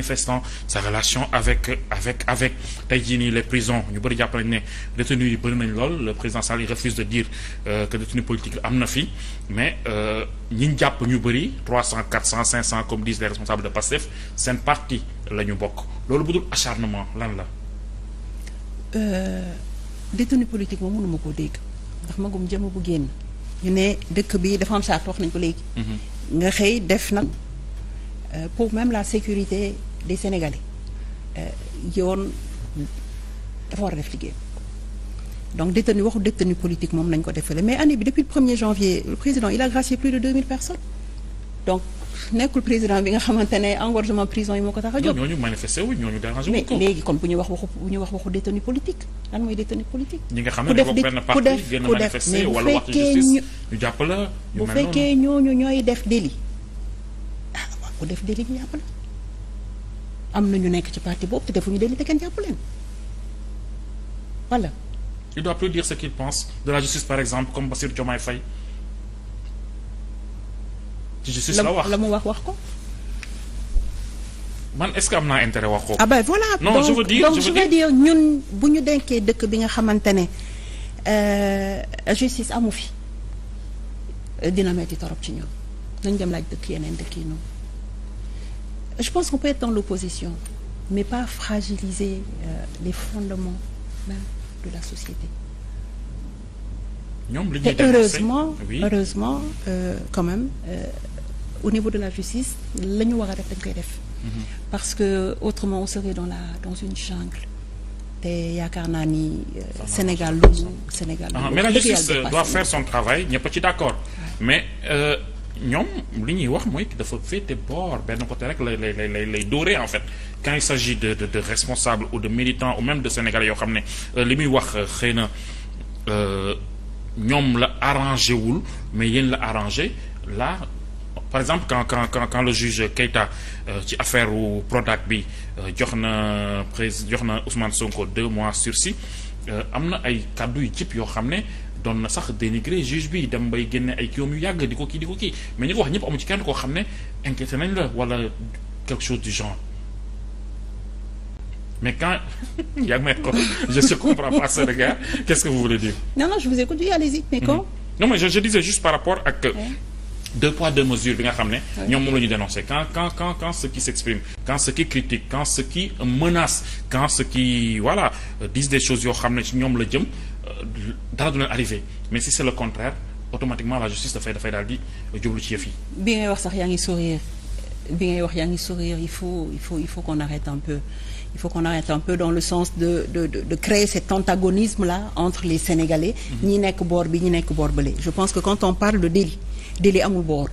manifestant sa relation avec avec avec tey les prisons ñu bëri jàpp nañ ne détenus yi bëri nañ lool le président Sall refuse de dire euh, que détenu politique am na fi mais euh, ñiñ jàpp ñu bëri 300 400 500 comme disent les responsables de PASTEF seen parti la ñu bokk loolu bu dul acharnement lan la. Euh, détenu politique moom mënuma koo dégg ndax magum jëm bu génn. ñu ne dëkk bi dafa am charte wax nañ ko léegi. Mhm. nga xëy def nag pour même la sécurité. de Sénégalais euh, yoon dafa war a def liggéey donc détenu waxu détenu politique moom nañ ko defale mais année bi depuis le premier janvier le président il a gracié plus de 2000 personnes donc nekkul président bi nga xamante ne engorgement prison yi moo ko tax a jóg. ñooñu manifesté wu ñooñu mais léegi kon bu ñu wax waxu détenu politique lan mooy détenu politique. ñi nga xam ne dafa benn parti gën a manifesté wala wax ci ñu ñu ñooy def délit ah waaw ko def délit ñu jàpp la. am na ñu nekk ci parti boobu te defuñu délit te kenn jàpp leen voilà. il doit plus dire ce qu'il pense de la justice par exemple comme Bassirou Diomaye Faye. ci justice la wax la mu wax wax ko. man est-ce que am naa intérêt wax ko. ah ben voilà non donc, je veux ñun bu ñu denkee dëkk bi nga xamante ne euh, justice amu fi dina metti torop ci ñun nañ dem laaj dëkk yeneen dëkk noonu. je pense qu'on peut être dans l'opposition, mais pas fragiliser euh, les fondements même de la société. Et heureusement, oui. heureusement euh, quand même, euh, au niveau de la justice, la ñu war a def dañ koy def. parce que autrement on serait dans une jungle. te yaakaar naa ni euh, Sénégal lu Sénégal. Ah, mais la justice euh, doit faire son travail ñëpp ci d'accord mais. ñoom li ñuy wax mooy dafa féete boor benn côté rek lay lay lay lay dóoree en fait quand il sa de de de responsables ou de militants ou même de Sénégalais yoo xam ne euh, li muy wax euh, xëy na euh, ñoom la arrangé wul mais yéen la arrangé là par exemple quand quand quand quand le juge Keita ci affaire wu Prodac bi jox na président jox na Ousmane Sonko deux mois sur si am na ay kàddu yu yoo xam ne. doon na sax dénigré juge bi dem bay génne ay kiom yu yàgg di ko kii di ko kii mais ñi ko wax ñëpp amu ci kenn koo xam ne inquiété nañ la wala quelque chose du genre mais quand yaa ngi may ko je ne comprends pas ce regard qu'est-ce que vous voulez dire. non non je vous écoute allez-y mais quand. Mm-hmm. non mais je, je disais juste par rapport ak. deux poids deux mesures bi nga xam ne. ñoom moom la ñu dénoncé quand quand quand quand ceux qui s'expriment quand ceux qui critiquent quand ceux qui menacent quand ceux qui voilà disent des choses yoo xam ne ci ñoom la jëm. Euh, dara du leen arrivé mais si c'est le contraire automatiquement la justice dafay dafay daal di jublu ci yëf yi. bi ngay wax sax yaa ngi sourire bi ngay wax yaa ngi sourire il faut il faut il faut qu'on arrête un peu il faut qu'on arrête un peu dans le sens de de de, de créer cet antagonisme là entre les Sénégalais. Mhm. ñi nekk boor bi ñi nekk boor bële. je pense que quand on parle de délit délit amul boor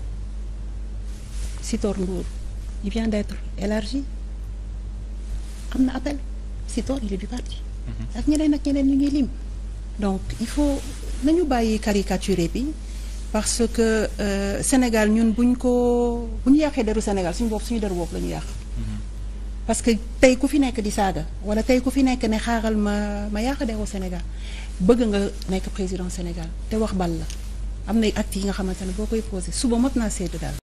Sitor Ndour il vient d'être élargi am na appel Sitor il est du parti. Mhm. donc il faut nañu bàyyi caricature bi parce que euh, Sénégal ñun buñ ko bu ñu yàqee deru Sénégal suñu bopp suñu deru bopp la ñu yàq. Mm-hmm. parce que tey ku fi nekk di saaga wala tey ku fi nekk ne xaaral ma ma yàq deru Sénégal bëgg nga nekk président Sénégal te wax bal la am na actes yi nga xamante ne boo koy posé suba mot naa seetu daal.